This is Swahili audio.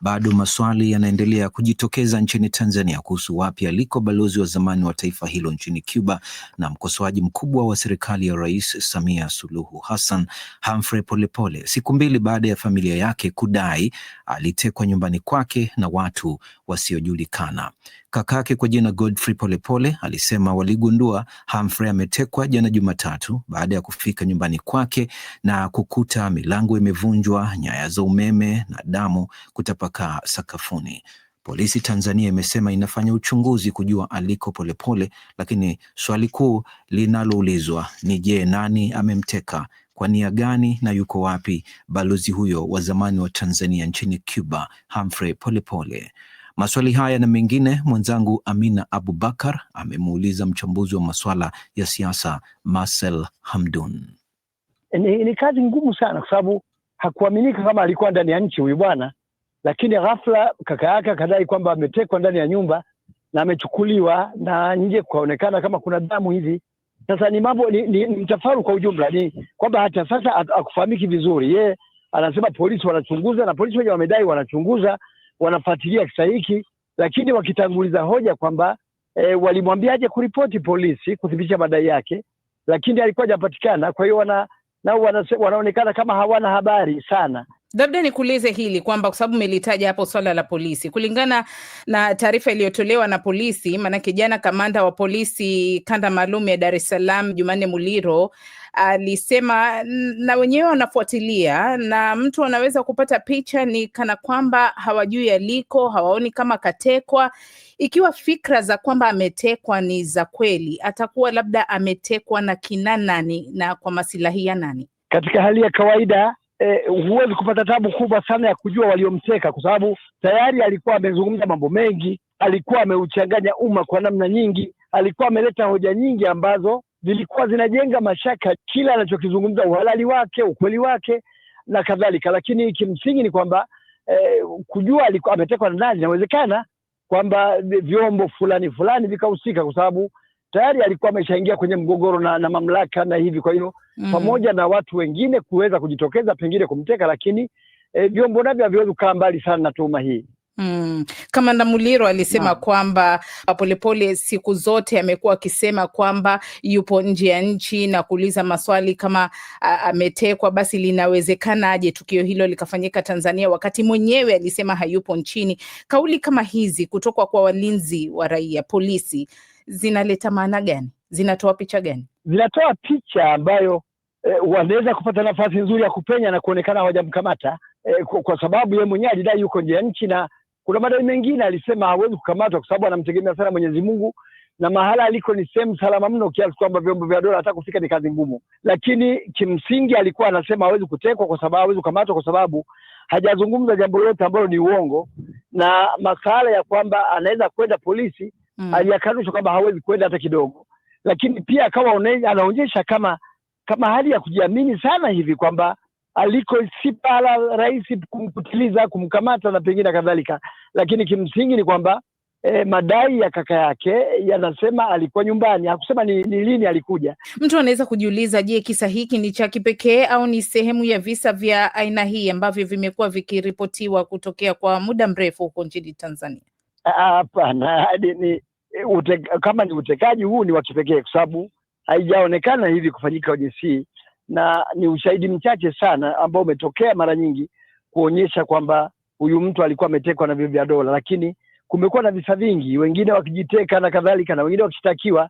Bado maswali yanaendelea kujitokeza nchini Tanzania kuhusu wapi aliko balozi wa zamani wa taifa hilo nchini Cuba na mkosoaji mkubwa wa serikali ya Rais Samia Suluhu Hassan, Humphrey Polepole, siku mbili baada ya familia yake kudai alitekwa nyumbani kwake na watu wasiojulikana. Kakake kwa jina Godfrey Polepole alisema waligundua Humphrey ametekwa jana Jumatatu baada ya kufika nyumbani kwake na kukuta milango imevunjwa, nyaya za umeme na damu kutapakaa sakafuni. Polisi Tanzania imesema inafanya uchunguzi kujua aliko Polepole, lakini swali kuu linaloulizwa ni je, nani amemteka, kwa nia gani na yuko wapi balozi huyo wa zamani wa Tanzania nchini Cuba, Humphrey Polepole? Maswali haya na mengine mwenzangu Amina Abubakar amemuuliza mchambuzi wa masuala ya siasa Marcel Hamdun. Ni, ni kazi ngumu sana kwa sababu hakuaminika kama alikuwa ndani ya nchi huyu bwana, lakini ghafla kaka yake akadai kwamba ametekwa ndani ya nyumba na amechukuliwa na nje kukaonekana kama kuna damu hivi. Sasa ni mambo ni, ni mtafaru kwa ujumla, ni kwamba hata sasa akufahamiki vizuri. Yeye anasema polisi wanachunguza, na polisi wenyewe wamedai wanachunguza wanafuatilia kisa hiki, lakini wakitanguliza hoja kwamba e, walimwambiaje kuripoti polisi kuthibitisha madai yake, lakini alikuwa hajapatikana. Kwa hiyo wana nao wanaonekana kama hawana habari sana. Labda nikuulize hili kwamba kwa sababu umelitaja hapo swala la polisi, kulingana na taarifa iliyotolewa na polisi, maanake jana kamanda wa polisi kanda maalum ya Dar es Salaam Jumanne Muliro alisema na wenyewe wanafuatilia, na mtu anaweza kupata picha ni kana kwamba hawajui aliko, hawaoni kama katekwa. Ikiwa fikra za kwamba ametekwa ni za kweli, atakuwa labda ametekwa na kina nani na kwa masilahi ya nani? Katika hali ya kawaida eh, huwezi kupata tabu kubwa sana ya kujua waliomteka, kwa sababu tayari alikuwa amezungumza mambo mengi, alikuwa ameuchanganya umma kwa namna nyingi, alikuwa ameleta hoja nyingi ambazo zilikuwa zinajenga mashaka kila anachokizungumza uhalali wake, ukweli wake na kadhalika, lakini kimsingi ni kwamba eh, kujua alikuwa ametekwa na nani, inawezekana kwamba vyombo fulani fulani vikahusika, kwa sababu tayari alikuwa ameshaingia kwenye mgogoro na, na mamlaka na hivi. Kwa hiyo mm -hmm. pamoja na watu wengine kuweza kujitokeza pengine kumteka, lakini eh, vyombo navyo haviwezi kukaa mbali sana na tuhuma hii. Mm. Kamanda Muliro alisema kwamba uh, Polepole siku zote amekuwa akisema kwamba yupo nje ya nchi na kuuliza maswali kama uh, ametekwa, basi linawezekana aje tukio hilo likafanyika Tanzania wakati mwenyewe alisema hayupo nchini. Kauli kama hizi kutoka kwa walinzi wa raia, polisi, zinaleta maana gani? Zinatoa picha gani? Zinatoa picha ambayo eh, wanaweza kupata nafasi nzuri ya kupenya na kuonekana hawajamkamata eh, kwa, kwa sababu yeye mwenyewe alidai yuko nje ya nchi na kuna madai mengine alisema hawezi kukamatwa kwa sababu anamtegemea sana Mwenyezi Mungu na mahala aliko ni sehemu salama mno kiasi kwamba vyombo vya dola hata kufika ni kazi ngumu, lakini kimsingi alikuwa anasema hawezi kutekwa kwa sababu hawezi kukamatwa kwa sababu hajazungumza jambo lote ambalo ni uongo, na masuala ya kwamba anaweza kwenda polisi mm. aliyakanusha kwamba hawezi kwenda hata kidogo, lakini pia akawa anaonyesha kama kama hali ya kujiamini sana hivi kwamba si pala rahisi kumkutiliza kumkamata na pengine kadhalika, lakini kimsingi ni kwamba E, madai ya kaka yake yanasema alikuwa nyumbani, hakusema ni, ni lini alikuja. Mtu anaweza kujiuliza, je, kisa hiki ni cha kipekee au ni sehemu ya visa vya aina hii ambavyo vimekuwa vikiripotiwa kutokea kwa muda mrefu huko nchini Tanzania? Hapana, ni ute, kama ni utekaji huu ni wa kipekee kwa sababu haijaonekana hivi kufanyika kwenye si na ni ushahidi mchache sana ambao umetokea mara nyingi kuonyesha kwamba huyu mtu alikuwa ametekwa na vyombo vya dola, lakini kumekuwa na visa vingi, wengine wakijiteka na kadhalika, na wengine wakishtakiwa